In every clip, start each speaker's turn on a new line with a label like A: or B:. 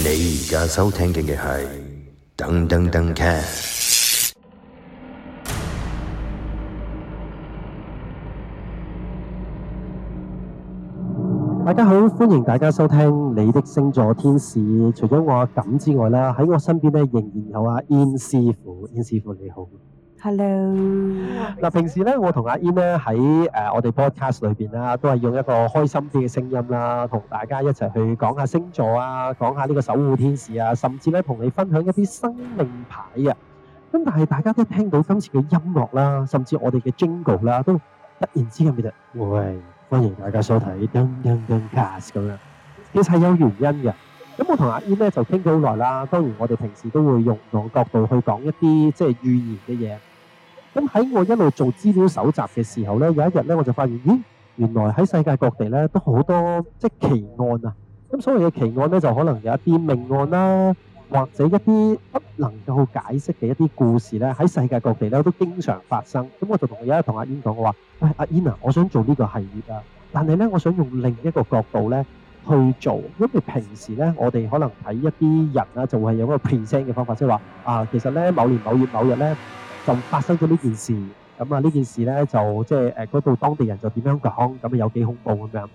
A: 你而家收聽嘅係噔噔噔 cast。
B: 大家好，歡迎大家收聽你的星座天使。除咗我阿感之外啦，喺我身邊咧仍然有阿 In 師傅。In 師傅你好。Hello，嗱，平時咧我同阿 In 咧喺誒我哋 podcast 裏邊啦，都係用一個開心啲嘅聲音啦，同大家一齊去講下星座啊，講下呢個守護天使啊，甚至咧同你分享一啲生命牌啊。咁但係大家都聽到今次嘅音樂啦，甚至我哋嘅 jingle 啦，都突然之間變咗，喂，歡迎大家收睇 Dang Dang Dangcast 咁樣，其實係有原因嘅。咁我同阿 In 咧就傾咗好耐啦。當然我哋平時都會用唔同角度去講一啲即係預言嘅嘢。咁喺我一路做資料搜集嘅時候呢，有一日呢，我就發現，咦，原來喺世界各地呢都好多即奇案啊！咁所謂嘅奇案呢，就可能有一啲命案啦、啊，或者一啲不能夠解釋嘅一啲故事呢，喺世界各地呢都經常發生。咁我就同有家同阿 In 講，我話：喂，阿 In 啊，我想做呢個系列啊，但係呢，我想用另一個角度呢去做。因為平時呢，我哋可能睇一啲人啊，就會有個 present 嘅方法，即係話啊，其實呢，某年某月某日呢。就發生咗呢件事，咁啊呢件事咧就即係誒嗰度當地人就點樣講，咁啊有幾恐怖咁樣。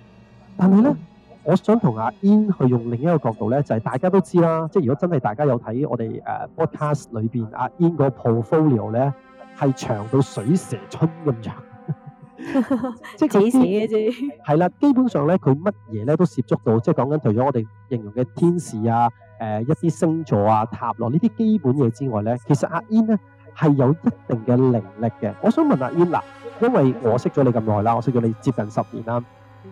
B: 但係咧，我想同阿 In 去用另一個角度咧，就係大家都知啦，即係如果真係大家有睇我哋誒 podcast 裏邊阿 In 個 portfolio 咧，係長到水蛇春咁長，
A: 即係蛇啫。
B: 係啦，基本上咧佢乜嘢咧都涉足到，即係講緊除咗我哋形容嘅天使啊、誒一啲星座啊、塔羅呢啲基本嘢之外咧，其實阿 In 咧。係有一定嘅能力嘅。我想問阿 In，嗱，因為我識咗你咁耐啦，我識咗你接近十年啦。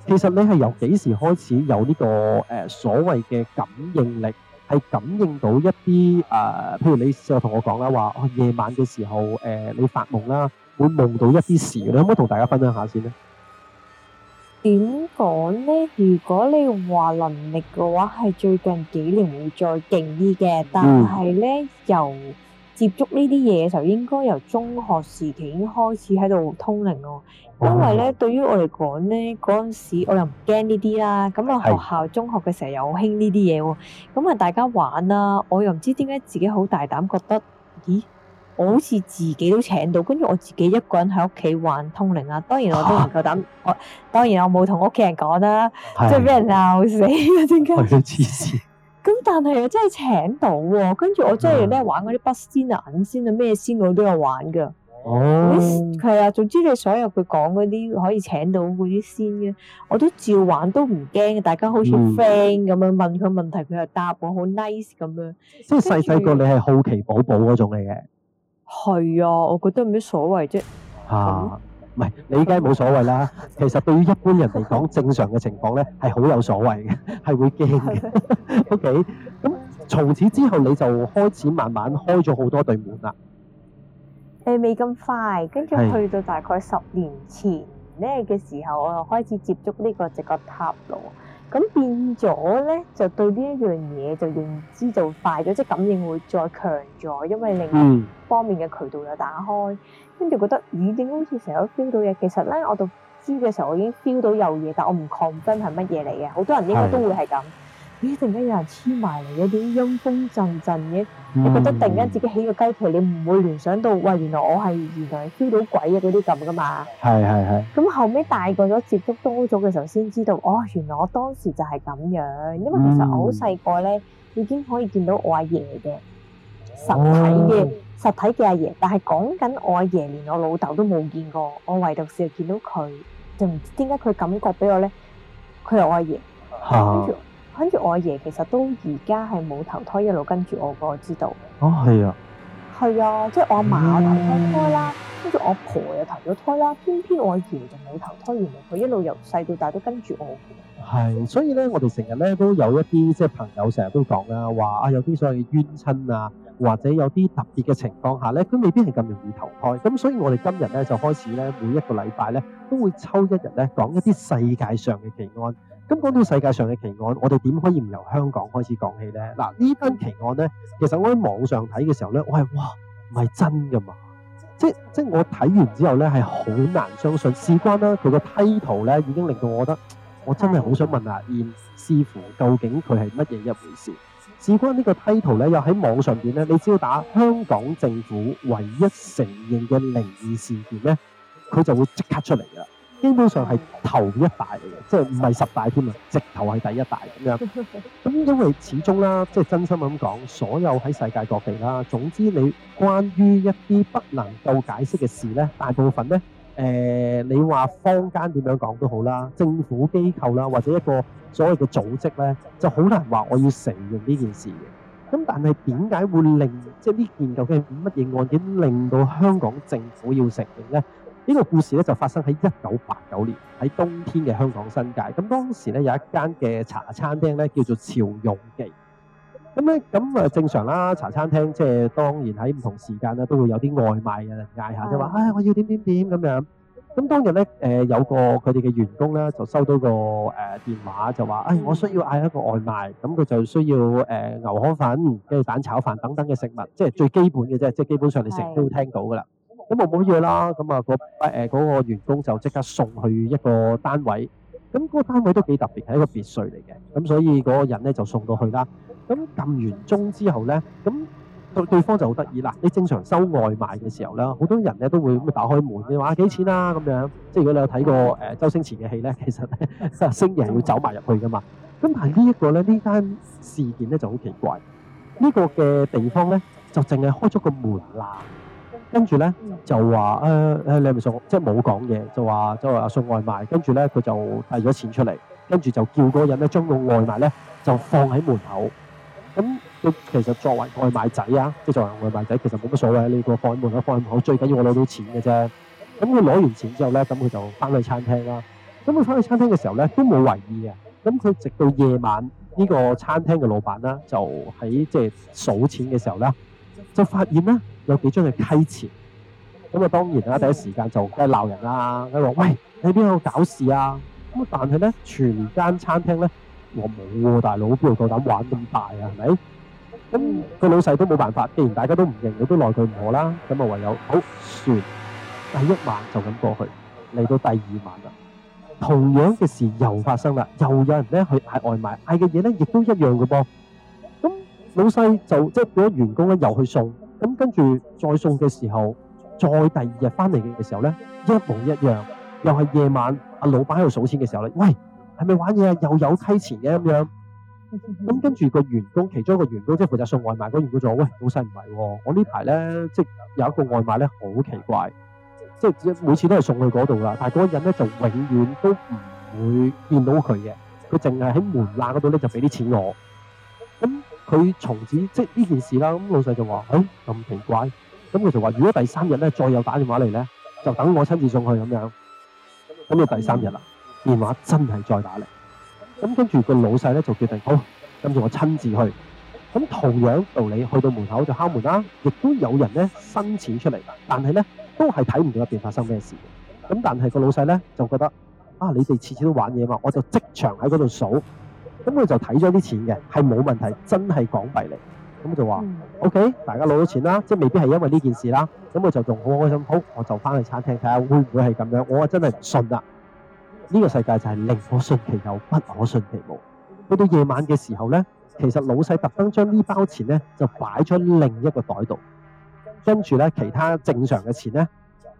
B: 其實你係由幾時開始有呢個誒所謂嘅感應力，係感應到一啲誒，譬如你就同我講啦，話夜晚嘅時候誒你發夢啦，會夢到一啲事，你可唔可以同大家分享下先咧？
A: 點講咧？如果你話能力嘅話，係最近幾年會再勁啲嘅，但係咧又。接觸呢啲嘢嘅時候，應該由中學時期已經開始喺度通靈咯、哦。因為咧，對於我嚟講咧，嗰陣時我又唔驚呢啲啦。咁啊，學校中學嘅時候又好興呢啲嘢喎。咁啊，大家玩啦、啊，我又唔知點解自己好大膽，覺得咦，我好似自己都請到，跟住我自己一個人喺屋企玩通靈啦、啊。當然我都唔夠膽，啊、我當然我冇同屋企人講啦，即係俾人鬧死啊！點解？咁但係又真係請到喎、哦，跟住我真係咧玩嗰啲筆仙啊銀仙啊咩仙我都有玩噶，係啊，總之你所有佢講嗰啲可以請到嗰啲仙嘅，我都照玩，都唔驚，大家好似 friend 咁樣、嗯、問佢問題，佢又答我好 nice 咁樣。
B: 即係細細個你係好奇寶寶嗰種嚟嘅。
A: 係啊，我覺得冇乜所謂啫。吓？
B: 啊唔係，你依家冇所謂啦。其實對於一般人嚟講，正常嘅情況咧係好有所謂嘅，係會驚嘅。OK，咁從此之後你就開始慢慢開咗好多對門啦。
A: 誒，未咁快，跟住去到大概十年前咧嘅時候，我就開始接觸呢個直覺塔羅。咁變咗咧，就對呢一樣嘢就認知就快咗，即係感應會再強咗，因為另外方面嘅渠道又打開，跟住、嗯、覺得咦點好似成日都 feel 到嘢？其實咧，我讀書嘅時候，我已經 feel 到有嘢，但我唔 confirm 係乜嘢嚟嘅，好多人應該都會係咁。咦！突然間有人黐埋嚟，有啲陰風陣陣嘅。嗯、你覺得突然間自己起個雞皮，你唔會聯想到，喂，原來我係原來係招到鬼啊嗰啲咁噶嘛？
B: 係係係。
A: 咁後尾大個咗接觸多咗嘅時候，先知道哦，原來我當時就係咁樣。因為其實我好細個咧，已經可以見到我阿爺嘅實體嘅、哦、實體嘅阿爺，但係講緊我阿爺，連我老豆都冇見過。我唯獨是見到佢，就唔知點解佢感覺俾我咧，佢係我阿爺。
B: 嚇、嗯！
A: 跟住我阿爺其實都而家係冇投胎，一路跟住我個知道。哦，係啊，係啊，即係我阿嫲我投胎胎啦，跟住、嗯、我阿婆我又投咗胎啦，偏偏我阿爺就冇投胎，原來佢一路由細到大都跟住我。
B: 係，所以咧，我哋成日咧都有一啲即係朋友成日都講啊，話啊有啲所謂冤親啊。或者有啲特別嘅情況下呢，佢未必係咁容易投胎。咁所以我哋今日呢，就開始呢每一個禮拜呢，都會抽一日呢，講一啲世界上嘅奇案。咁講到世界上嘅奇案，我哋點可以唔由香港開始講起呢？嗱，呢單奇案呢，其實我喺網上睇嘅時候呢，我係，哇唔係真㗎嘛！即，即我睇完之後呢，係好難相信。事關啦，佢個梯圖呢已經令到我覺得，我真係好想問下燕師傅究竟佢係乜嘢一回事？事關個呢個 title 咧，又喺網上邊咧，你只要打香港政府唯一承認嘅靈異事件咧，佢就會即刻出嚟啦。基本上係頭一大嚟嘅，即係唔係十大添啊，直頭係第一大咁樣。咁因為始終啦，即係真心咁講，所有喺世界各地啦，總之你關於一啲不能夠解釋嘅事咧，大部分咧。誒、呃，你話坊間點樣講都好啦，政府機構啦，或者一個所謂嘅組織呢，就好難話我要承認呢件事嘅。咁但係點解會令即係呢件究竟乜嘢案件令到香港政府要承認呢？呢、呢個故事呢，就發生喺一九八九年喺冬天嘅香港新界。咁當時呢，有一間嘅茶餐廳呢，叫做潮湧記。咁咧，咁誒正常啦。茶餐廳即係當然喺唔同時間咧，都會有啲外賣嘅人嗌下，即係話：唉，我要點點點咁樣。咁當日咧，誒有個佢哋嘅員工咧，就收到個誒電話，就話：唉，我需要嗌一個外賣，咁佢就需要誒牛河粉，跟住蛋炒飯等等嘅食物，即係最基本嘅啫，即係基本上你成日都聽到噶啦。咁我冇嘢啦。咁啊，個誒嗰個員工就即刻送去一個單位，咁嗰個單位都幾特別，係一個別墅嚟嘅。咁所以嗰個人咧就送到去啦。咁撳完鐘之後咧，咁對對方就好得意啦！你正常收外賣嘅時候咧，好多人咧都會咁打開門，你話幾錢啦咁樣。即係如果你有睇過誒周星馳嘅戲咧，其實星爺會走埋入去㗎嘛。咁但係呢一個咧，呢單事件咧就好奇怪。呢個嘅地方咧，就淨係開咗個門啦，跟住咧就話誒誒，你咪送，即係冇講嘢，就話就話送外賣，跟住咧佢就遞咗錢出嚟，跟住就叫嗰個人咧將個外賣咧就放喺門口。咁佢其實作為外賣仔啊，即係作為外賣仔，其實冇乜所謂，呢個放喺門口，放喺門口最緊要我攞到錢嘅啫。咁佢攞完錢之後咧，咁佢就翻去餐廳啦。咁佢翻去餐廳嘅時候咧，都冇懷疑嘅。咁佢直到夜晚呢個餐廳嘅老闆啦，就喺即係數錢嘅時候咧，就發現咧有幾張係溪錢。咁啊當然啦，第一時間就梗係鬧人啦，佢話：喂，你邊度搞事啊？咁但係咧，全間餐廳咧。我冇喎，大佬，邊度夠膽玩咁大啊？係咪？咁個老細都冇辦法，既然大家都唔認，都奈佢唔何啦。咁啊，唯有好算，第一晚就咁過去，嚟到第二晚啦。同樣嘅事又發生啦，又有人咧去嗌外賣，嗌嘅嘢咧亦都一樣嘅噃。咁老細就即係嗰員工咧又去送，咁跟住再送嘅時候，再第二日翻嚟嘅時候咧，一模一樣，又係夜晚阿老闆喺度數錢嘅時候咧，喂！係咪玩嘢啊？又有梯前嘅咁樣，咁跟住個員工，其中一個員工即係負責送外賣嗰個員工就話：，喂，老細唔係，我呢排咧，即係有一個外賣咧好奇怪，即係每次都係送去嗰度啦，但係嗰個人咧就永遠都唔會見到佢嘅，佢淨係喺門罅嗰度咧就俾啲錢我。咁、嗯、佢從此即係呢件事啦，咁老細就話：，哎，咁奇怪，咁、嗯、佢就話：，如果第三日咧再有打電話嚟咧，就等我親自送去咁樣。咁就第三日啦。電話真係再打嚟，咁跟住個老細咧就決定，好，跟住我親自去。咁同樣道理，去到門口就敲門啦。亦都有人咧申請出嚟，但係咧都係睇唔到入邊發生咩事。咁但係個老細咧就覺得，啊，你哋次次都玩嘢嘛，我就即場喺嗰度數，咁佢就睇咗啲錢嘅，係冇問題，真係港幣嚟。咁就話，OK，大家攞咗錢啦，即係未必係因為呢件事啦。咁我就仲好開心，好，我就翻去餐廳睇下會唔會係咁樣，我真係唔信啦。呢個世界就係寧可信其有，不可信其無。去到夜晚嘅時候呢，其實老細特登將呢包錢呢就擺咗另一個袋度，跟住呢，其他正常嘅錢呢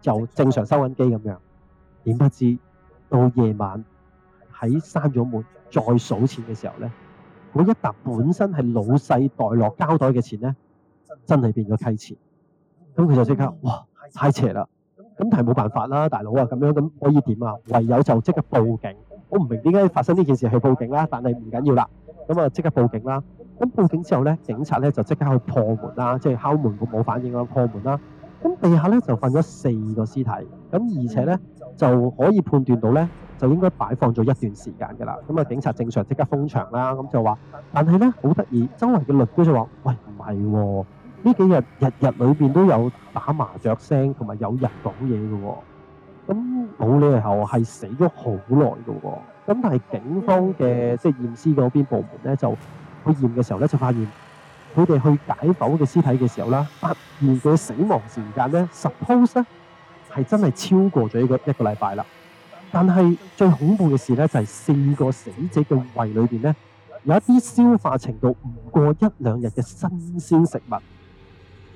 B: 就正常收銀機咁樣。點不知到夜晚喺閂咗門再數錢嘅時候呢，嗰一沓本身係老細袋落膠袋嘅錢呢，真係變咗溪錢。咁佢就即刻哇，太邪啦！咁但係冇辦法啦，大佬啊，咁樣咁可以點啊？唯有就即刻報警。我唔明點解發生呢件事去報警啦，但係唔緊要啦，咁啊即刻報警啦。咁報警之後呢，警察呢就即刻去破門啦，即係敲門冇反應啦，破門啦。咁地下呢就瞓咗四個屍體，咁而且呢，就可以判斷到呢，就應該擺放咗一段時間㗎啦。咁啊，警察正常即刻封場啦。咁就話，但係呢，好得意，周圍嘅律官就話：喂，唔係喎。呢幾日日日裏邊都有打麻雀聲，同埋有人講嘢㗎喎。咁冇理由係死咗好耐㗎喎。咁但係警方嘅即係驗屍嗰邊部門咧，就去驗嘅時候咧，就發現佢哋去解剖嘅屍體嘅時候啦，發現嘅死亡時間咧，suppose 咧係真係超過咗一個一個禮拜啦。但係最恐怖嘅事咧，就係四個死者嘅胃裏邊咧，有一啲消化程度唔過一兩日嘅新鮮食物。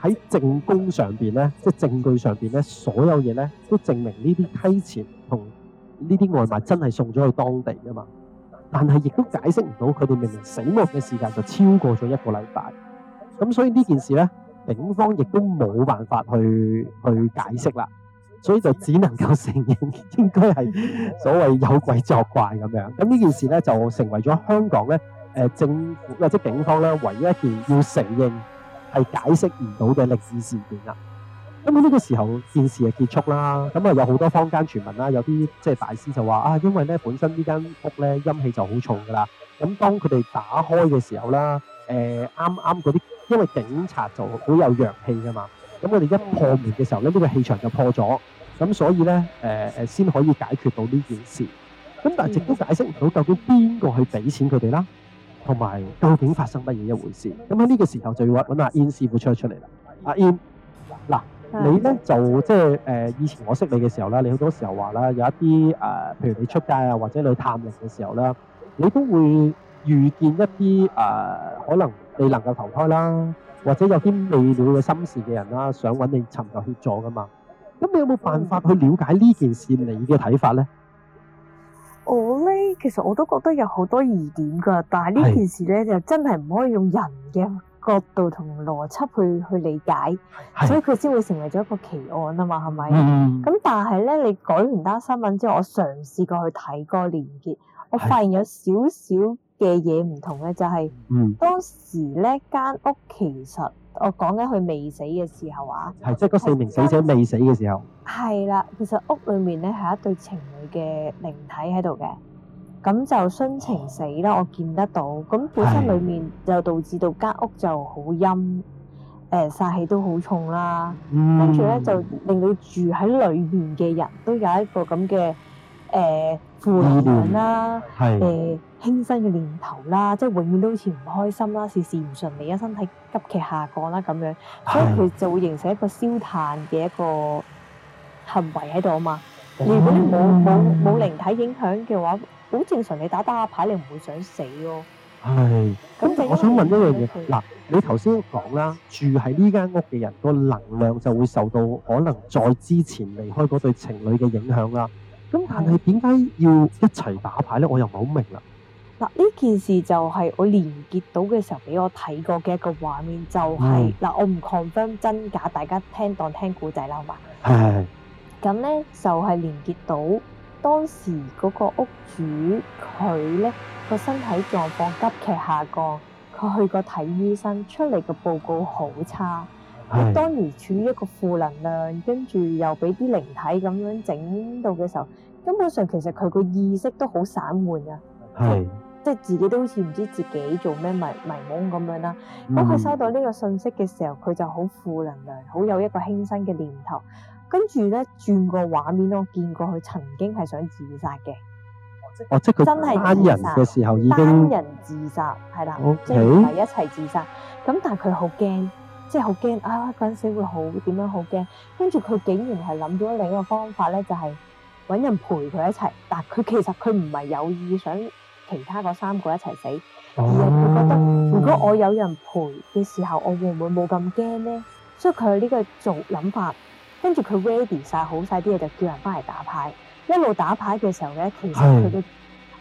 B: 喺證供上邊咧，即係證據上邊咧，所有嘢咧都證明呢啲溪錢同呢啲外賣真係送咗去當地噶嘛。但係亦都解釋唔到佢哋明明死亡嘅時間就超過咗一個禮拜。咁所以呢件事咧，警方亦都冇辦法去去解釋啦。所以就只能夠承認應該係所謂有鬼作怪咁樣。咁呢件事咧就成為咗香港咧誒政府或者警方咧唯一一件要承認。係解釋唔到嘅靈異事件啦。咁佢呢個時候件事就結束啦。咁啊有好多坊間傳聞啦，有啲即係大師就話啊，因為咧本身呢間屋咧陰氣就好重噶啦。咁當佢哋打開嘅時候啦，誒啱啱嗰啲因為警察就好有陽氣噶嘛。咁我哋一破門嘅時候咧，呢、這個氣場就破咗。咁所以咧，誒、呃、誒先可以解決到呢件事。咁但係直都解釋唔到究竟邊個去俾錢佢哋啦。同埋究竟發生乜嘢一回事？咁喺呢個時候就要揾阿 In 師傅出嚟啦。阿 In，嗱，你咧就即係誒以前我識你嘅時候啦，你好多時候話啦，有一啲誒、呃，譬如你出街啊，或者你去探人嘅時候啦，你都會遇見一啲誒、呃，可能你能夠投胎啦，或者有啲未了嘅心事嘅人啦，想揾你尋求協助噶嘛。咁你有冇辦法去了解呢件事，你嘅睇法咧？
A: 我呢，其實我都覺得有好多疑點㗎，但係呢件事呢，是就真係唔可以用人嘅角度同邏輯去去理解，是所以佢先會成為咗一個奇案啊嘛，係咪？咁、嗯、但係呢，你改完單新聞之後，我嘗試過去睇個連結，我發現有少少嘅嘢唔同嘅、就係，就係、嗯、當時呢間屋其實。我講緊佢未死嘅時候啊，係即係嗰四名死者未死嘅時候。係啦，其實屋裏面咧係一對情侶嘅靈體喺度嘅，咁就殉情死啦。我見得到，咁本身裡面就導致到間屋就好陰，誒、呃、煞氣都好重啦。嗯、跟呢住咧就令到住喺裡面嘅人都有一個咁嘅誒負能量啦。係、嗯。輕生嘅念頭啦，即係永遠都好似唔開心啦，事事唔順利啊，身體急劇下降啦咁樣，所以佢就會形成一個燒炭嘅一個行為喺度啊嘛。唉如果你冇冇冇靈體影響嘅話，好正常。你打打牌，你唔會想死
B: 咯。係唉，咁我想問一樣嘢，嗱、嗯，你頭先講啦，住喺呢間屋嘅人個能量就會受到可能再之前離開嗰對情侶嘅影響啦。咁但係點解要一齊打牌呢？我又唔係好明啦。
A: 嗱，呢件事就係我連結到嘅時候俾我睇過嘅一個畫面，就係、是、嗱是，我唔 confirm 真假，大家聽當聽故仔啦嘛。係。咁咧是就係、是、連結到當時嗰個屋主佢咧個身體狀況急劇下降，佢去過睇醫生，出嚟嘅報告好差。係是。佢當年處於一個負能量，跟住又俾啲靈體咁樣整到嘅時候，根本上其實佢個意識都好散漫㗎。係是。即係自己都好似唔知自己做咩迷迷懵咁樣啦。咁佢、嗯、收到呢個信息嘅時候，佢就好負能量，好有一個輕生嘅念頭。跟住咧轉個畫面，我見過佢曾經係想自殺嘅。哦，即係佢單人嘅時候已經單人自殺，係啦，即係唔係一齊自殺？咁但係佢好驚，即係好驚啊！嗰陣時會好點樣？好驚！跟住佢竟然係諗到另一個方法咧，就係、是、揾人陪佢一齊。但係佢其實佢唔係有意想。其他嗰三個一齊死，而係
B: 佢覺得、嗯、如果
A: 我有人陪嘅時候，我會唔會冇咁驚呢？所以佢有呢個做諗法，跟住佢 ready 晒好晒啲嘢，就叫人翻嚟打牌。一路打牌嘅時候呢，其實佢都，是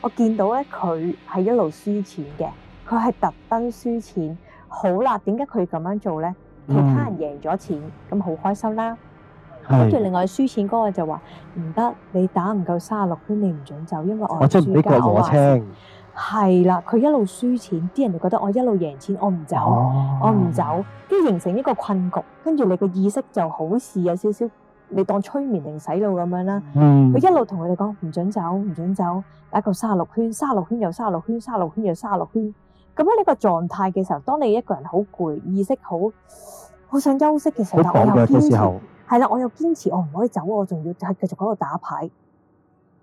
A: 我見到呢，佢係一路輸錢嘅，佢係特登輸錢。好啦，點解佢咁樣做呢？其他人贏咗錢，咁好、嗯、開心啦！跟住另外輸錢嗰個就話唔得，你打唔夠三十六圈，你唔准走，因為我輸膠啊！係啦，佢一路輸錢，啲人就覺得我一路贏錢，我唔走，哦、我唔走，跟住形成一個困局。跟住你個意識就好似有少少，你當催眠定洗腦咁樣啦。佢、嗯、一路同佢哋講唔准走，唔准走，打夠三十六圈，三十六圈又三十六圈，三十六圈又三十六圈。咁樣呢個狀態嘅時候，當你一個人好攰，意識好，好想休息嘅時候，我又堅係啦，我又堅持我唔可以走，我仲要係繼續喺度打牌。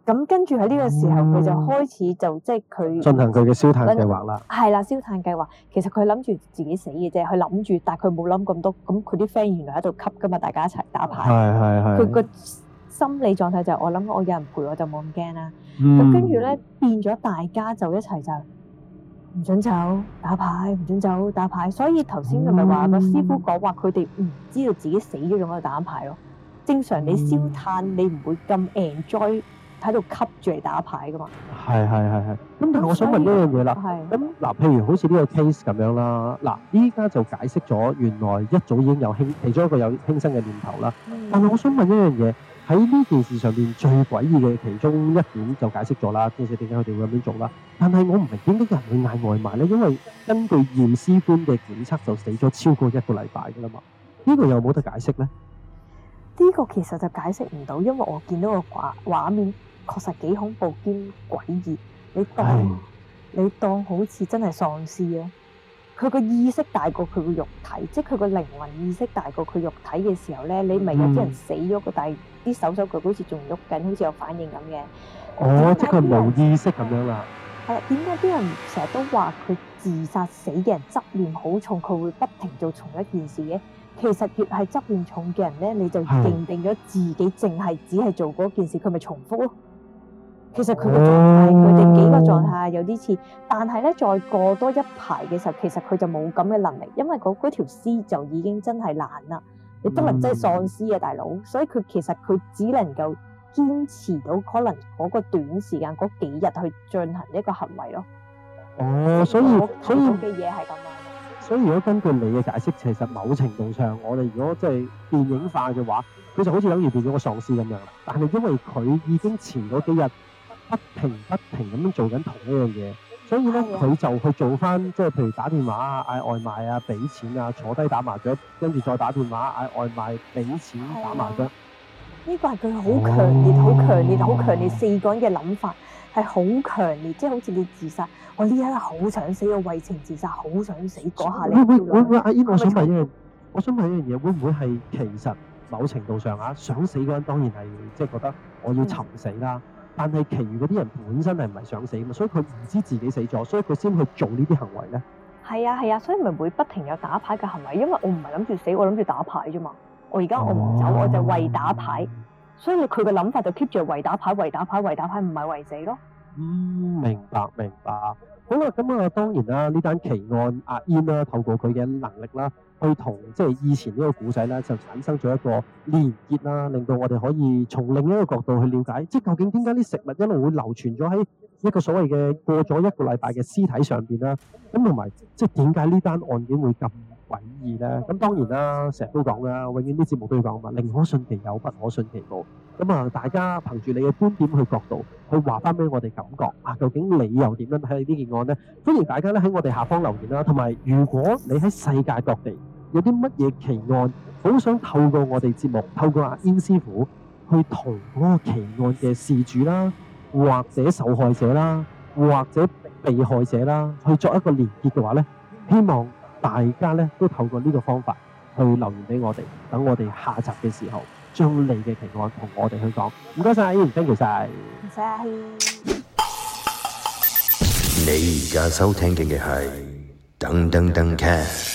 A: 咁跟住喺呢個時候，佢、嗯、就開始就即係佢進行佢嘅燒炭計劃啦。係啦、嗯，燒炭計劃，其實佢諗住自己死嘅啫，佢諗住，但係佢冇諗咁多。咁佢啲 friend 原來喺度吸噶嘛，大家一齊打牌。係係係。佢個心理狀態就係、是、我諗我有人陪我就冇咁驚啦。咁跟住咧變咗大家就一齊就是。唔准走打牌，唔准走打牌。所以頭先係咪話個師傅講話佢哋唔知道自己死咗仲喺度打緊牌咯。正常你燒炭，你唔會咁 enjoy 喺度吸住嚟打牌㗎嘛。
B: 係係係係。咁但係我想問一樣嘢啦。係。咁嗱，譬如好似呢個 case 咁樣啦。嗱，依家就解釋咗，原來一早已經有輕，其中一個有輕生嘅念頭啦。嗯。但係我想問一樣嘢。喺呢件事上面最詭異嘅其中一點就解釋咗啦，即係點解佢哋會咁樣做啦？但係我唔明點解有人去嗌外賣咧，因為根據驗屍官嘅檢測，就死咗超過一個禮拜噶啦嘛，這個、呢個有冇得解釋咧？
A: 呢個其實就解釋唔到，因為我見到個畫畫面確實幾恐怖兼詭異，你當唉你當好似真係喪屍啊！佢個意識大過佢個肉體，即係佢個靈魂意識大過佢肉體嘅時候咧，你咪有啲人死咗，但係啲手手腳好似仲喐緊，好似有反應咁嘅。哦，即係佢無
B: 意識咁樣啦。
A: 係啊，點解啲人成日都話佢自殺死嘅人執念好重，佢會不停做重一件事嘅？其實越係執念重嘅人咧，你就認定咗自己淨係只係做嗰一件事，佢咪重複咯？其實佢嘅狀態，佢哋。狀態有啲似，但係咧再過多一排嘅時，時候，其實佢就冇咁嘅能力，因為嗰嗰條屍就已經真係爛啦。你、嗯、真係即係喪屍啊，大佬！所以佢其實佢只能夠堅持到可能嗰個短時間嗰幾日去進行一個行為咯。
B: 哦、嗯，所以我睇到所以嘅嘢係咁啊。所以如果根據你嘅解釋，其實某程度上，我哋如果即係電影化嘅話，佢就好似等於變咗個喪屍咁樣。但係因為佢已經前嗰幾日。不停不停咁樣做緊同一樣嘢，所以咧佢就去做翻，即係譬如打電話啊、嗌外賣啊、俾錢啊、坐低打麻雀，跟住再打電話嗌外賣、俾錢打麻雀。
A: 呢個係佢好強烈、好強烈、好強烈四個人嘅諗法，係好強烈，即係好似你自殺，我呢一刻好想死，我為情自殺，好想死嗰下。會會會，阿 In 我想問
B: 一樣，我想問一樣嘢，會唔會係其實某程度上啊，想死嗰個人當然係即係覺得我要尋死啦？但係，其餘嗰啲人本身係唔係想死嘛？所以佢唔知自己死咗，所以佢先去做呢啲行為咧。
A: 係啊，係啊，所以咪會不停有打牌嘅行為，因為我唔係諗住死，我諗住打牌啫嘛。我而家我唔走，哦、我就係為打牌，所以佢嘅諗法就 keep 住為打牌、為打牌、為打牌，唔係為死咯。嗯，
B: 明白，明白。好啦，咁、嗯、啊當然啦，呢單奇案阿 In 啦，透過佢嘅能力啦，去同即係以前個呢個古仔咧，就產生咗一個連結啦，令到我哋可以從另一個角度去了解，即係究竟點解啲食物一路會流傳咗喺一個所謂嘅過咗一個禮拜嘅屍體上邊啦，咁同埋即係點解呢單案件會咁詭異咧，咁當然啦，成日都講啦，永遠啲節目都要講嘛，寧可信其有，不可信其無。咁啊，大家憑住你嘅觀點去角度去話翻俾我哋感覺啊，究竟你又點樣睇呢件案咧？歡迎大家咧喺我哋下方留言啦，同埋如果你喺世界各地有啲乜嘢奇案，好想透過我哋節目，透過阿 In 師傅去同嗰個奇案嘅事主啦，或者受害者啦，或者被害者啦，去作一個連結嘅話咧，希望，大家咧都透過呢個方法去留言俾我哋，等我哋下集嘅時候將你嘅提案同我哋去講。唔該曬，阿 Enson，唔該曬。你而家
A: 收聽緊嘅係噔噔噔 Can